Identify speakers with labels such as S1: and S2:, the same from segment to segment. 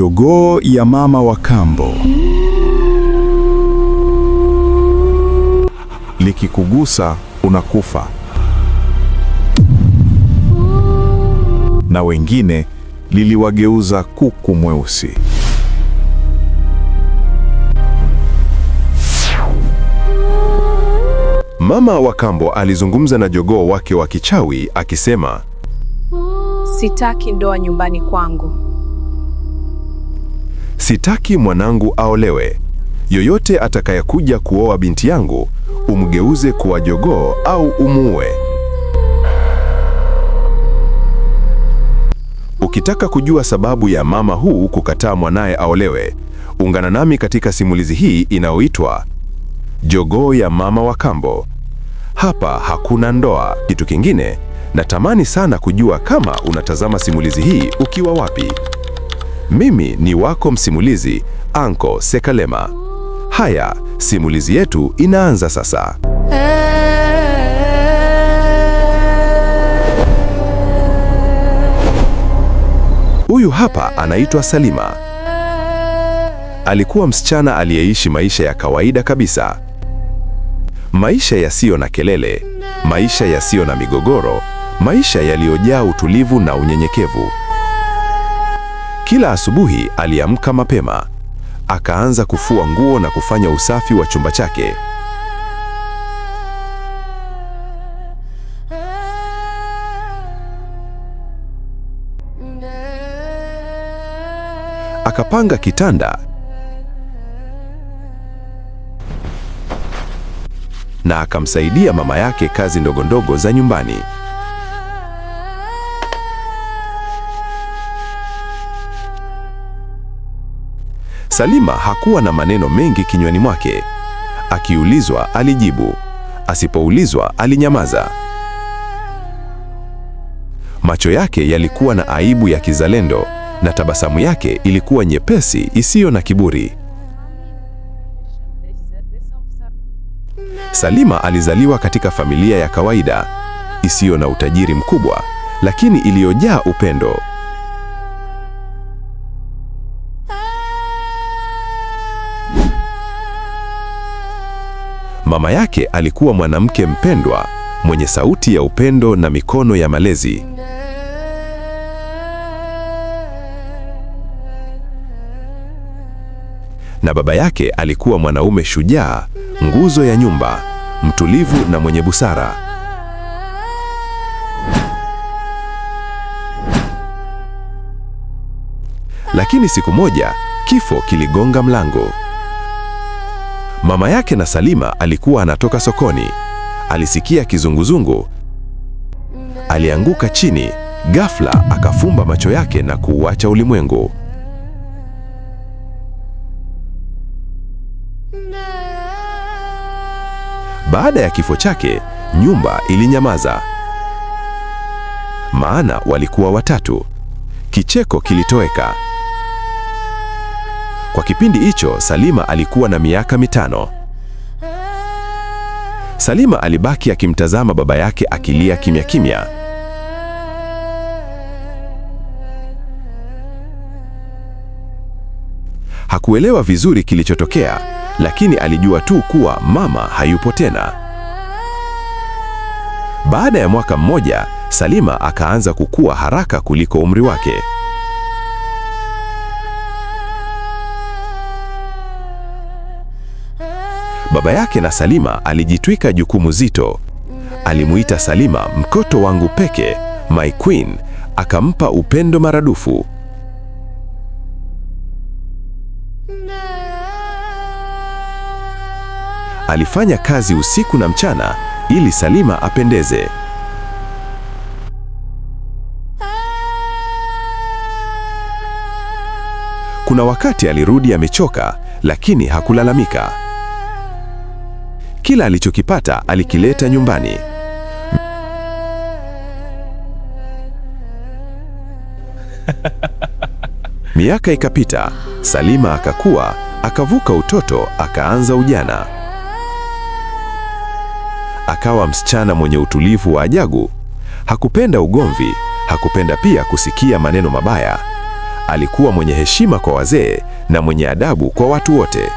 S1: Jogoo ya mama wa kambo. Likikugusa unakufa. Na wengine liliwageuza kuku mweusi. Mama wa kambo alizungumza na jogoo wake wa kichawi akisema,
S2: sitaki ndoa nyumbani kwangu
S1: sitaki mwanangu aolewe. Yoyote atakayekuja kuoa binti yangu umgeuze kuwa jogoo au umuue. Ukitaka kujua sababu ya mama huu kukataa mwanaye aolewe, ungana nami katika simulizi hii inayoitwa Jogoo ya Mama wa Kambo. Hapa hakuna ndoa. Kitu kingine, natamani sana kujua kama unatazama simulizi hii ukiwa wapi. Mimi ni wako msimulizi Anko Sekalema. Haya, simulizi yetu inaanza sasa. Huyu hapa anaitwa Salima. Alikuwa msichana aliyeishi maisha ya kawaida kabisa, maisha yasiyo na kelele, maisha yasiyo na migogoro, maisha yaliyojaa utulivu na unyenyekevu. Kila asubuhi aliamka mapema, akaanza kufua nguo na kufanya usafi wa chumba chake. Akapanga kitanda na akamsaidia mama yake kazi ndogo ndogo za nyumbani. Salima hakuwa na maneno mengi kinywani mwake. Akiulizwa alijibu, asipoulizwa alinyamaza. Macho yake yalikuwa na aibu ya kizalendo na tabasamu yake ilikuwa nyepesi isiyo na kiburi. Salima alizaliwa katika familia ya kawaida isiyo na utajiri mkubwa, lakini iliyojaa upendo. Mama yake alikuwa mwanamke mpendwa mwenye sauti ya upendo na mikono ya malezi. Na baba yake alikuwa mwanaume shujaa, nguzo ya nyumba, mtulivu na mwenye busara. Lakini siku moja kifo kiligonga mlango. Mama yake na Salima alikuwa anatoka sokoni. Alisikia kizunguzungu, alianguka chini. Ghafla akafumba macho yake na kuuacha ulimwengu. Baada ya kifo chake, nyumba ilinyamaza, maana walikuwa watatu. Kicheko kilitoweka. Kwa kipindi hicho Salima alikuwa na miaka mitano. Salima alibaki akimtazama baba yake akilia kimya kimya. Hakuelewa vizuri kilichotokea, lakini alijua tu kuwa mama hayupo tena. Baada ya mwaka mmoja, Salima akaanza kukua haraka kuliko umri wake. baba yake na Salima alijitwika jukumu zito. Alimuita Salima mkoto wangu peke, my queen, akampa upendo maradufu. Alifanya kazi usiku na mchana ili Salima apendeze. Kuna wakati alirudi amechoka, lakini hakulalamika. Kila alichokipata alikileta nyumbani. Miaka ikapita, Salima akakua, akavuka utoto, akaanza ujana. Akawa msichana mwenye utulivu wa ajabu. Hakupenda ugomvi, hakupenda pia kusikia maneno mabaya. Alikuwa mwenye heshima kwa wazee na mwenye adabu kwa watu wote.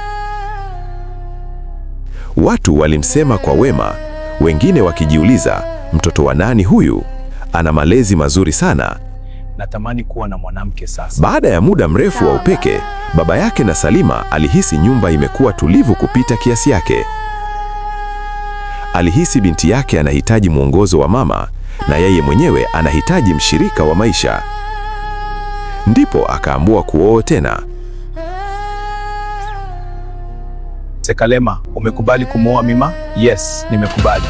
S1: Watu walimsema kwa wema, wengine wakijiuliza, mtoto wa nani huyu? Ana malezi mazuri sana. Natamani kuwa na mwanamke sasa. Baada ya muda mrefu wa upeke, baba yake na Salima alihisi nyumba imekuwa tulivu kupita kiasi yake. Alihisi binti yake anahitaji mwongozo wa mama na yeye mwenyewe anahitaji mshirika wa maisha. Ndipo akaamua kuoa tena.
S3: Sekalema, umekubali kumwoa Mima?
S4: Yes, nimekubali.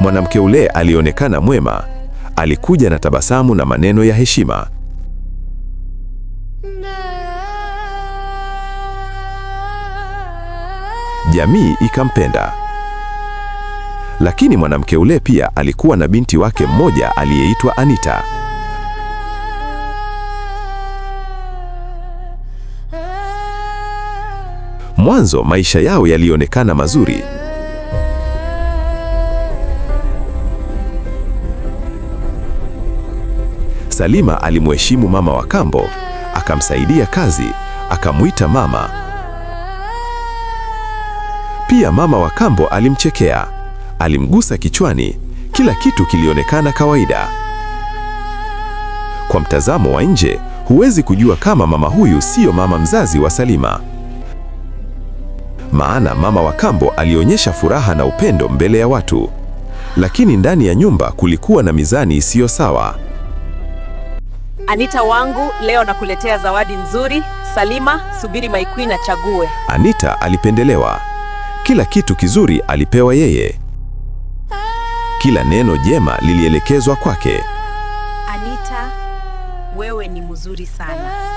S1: Mwanamke ule alionekana mwema, alikuja na tabasamu na maneno ya heshima. Jamii ikampenda. Lakini mwanamke ule pia alikuwa na binti wake mmoja aliyeitwa Anita. Mwanzo maisha yao yalionekana mazuri. Salima alimheshimu mama wa kambo, akamsaidia kazi, akamwita mama. Pia mama wa kambo alimchekea, alimgusa kichwani, kila kitu kilionekana kawaida. Kwa mtazamo wa nje, huwezi kujua kama mama huyu siyo mama mzazi wa Salima maana mama wa kambo alionyesha furaha na upendo mbele ya watu, lakini ndani ya nyumba kulikuwa na mizani isiyo sawa.
S2: Anita wangu, leo nakuletea zawadi nzuri. Salima, subiri maikwi na chague.
S1: Anita alipendelewa. Kila kitu kizuri alipewa yeye, kila neno jema lilielekezwa kwake.
S2: Anita, wewe ni mzuri sana.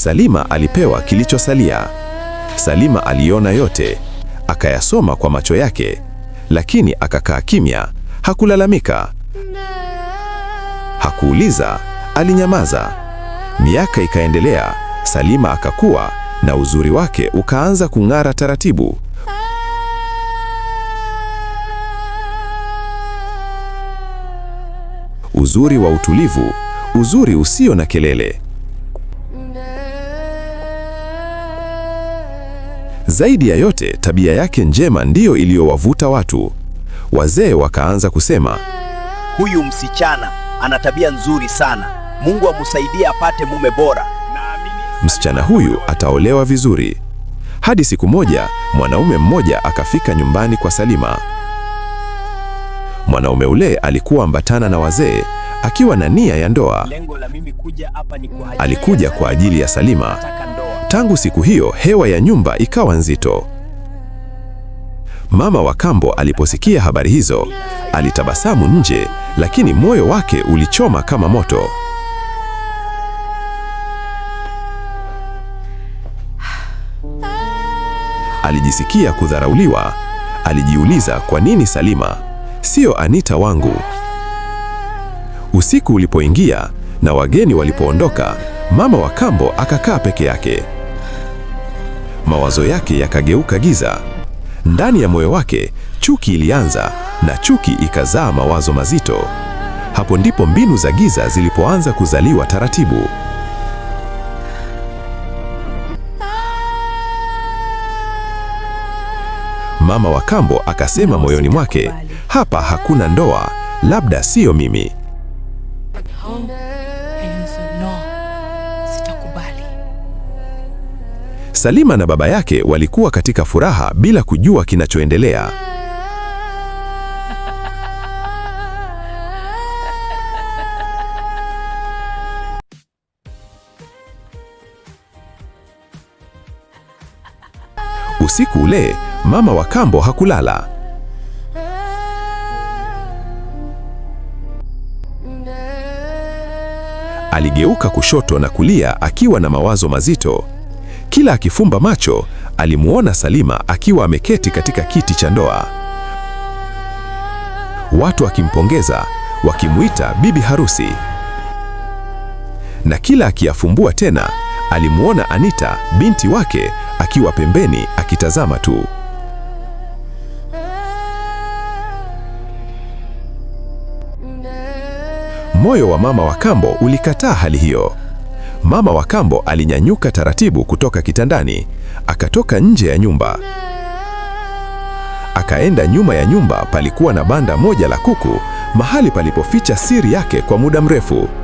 S1: Salima alipewa kilichosalia. Salima aliona yote, akayasoma kwa macho yake, lakini akakaa kimya, hakulalamika, hakuuliza, alinyamaza. Miaka ikaendelea, Salima akakua na uzuri wake ukaanza kung'ara taratibu. Uzuri wa utulivu, uzuri usio na kelele. Zaidi ya yote, tabia yake njema ndiyo iliyowavuta watu. Wazee wakaanza kusema,
S5: huyu msichana ana tabia nzuri sana, Mungu amsaidie apate mume bora,
S1: msichana huyu ataolewa vizuri. Hadi siku moja mwanaume mmoja akafika nyumbani kwa Salima. Mwanaume ule alikuwa ambatana na wazee akiwa na nia ya ndoa. Alikuja kwa ajili ya Salima Tangu siku hiyo hewa ya nyumba ikawa nzito. Mama wa kambo aliposikia habari hizo alitabasamu nje, lakini moyo wake ulichoma kama moto. Alijisikia kudharauliwa. Alijiuliza, kwa nini Salima sio Anita wangu? Usiku ulipoingia na wageni walipoondoka, mama wa kambo akakaa peke yake mawazo yake yakageuka giza. Ndani ya moyo wake chuki ilianza, na chuki ikazaa mawazo mazito. Hapo ndipo mbinu za giza zilipoanza kuzaliwa taratibu. Mama wa kambo akasema moyoni mwake, hapa hakuna ndoa, labda siyo mimi. Salima na baba yake walikuwa katika furaha bila kujua kinachoendelea. Usiku ule mama wa kambo hakulala. Aligeuka kushoto na kulia akiwa na mawazo mazito. Kila akifumba macho alimuona Salima akiwa ameketi katika kiti cha ndoa, watu wakimpongeza, wakimuita bibi harusi, na kila akiyafumbua tena alimuona Anita binti wake akiwa pembeni akitazama tu. Moyo wa mama wa kambo ulikataa hali hiyo. Mama wa kambo alinyanyuka taratibu kutoka kitandani, akatoka nje ya nyumba, akaenda nyuma ya nyumba. Palikuwa na banda moja la kuku, mahali palipoficha siri yake kwa muda mrefu.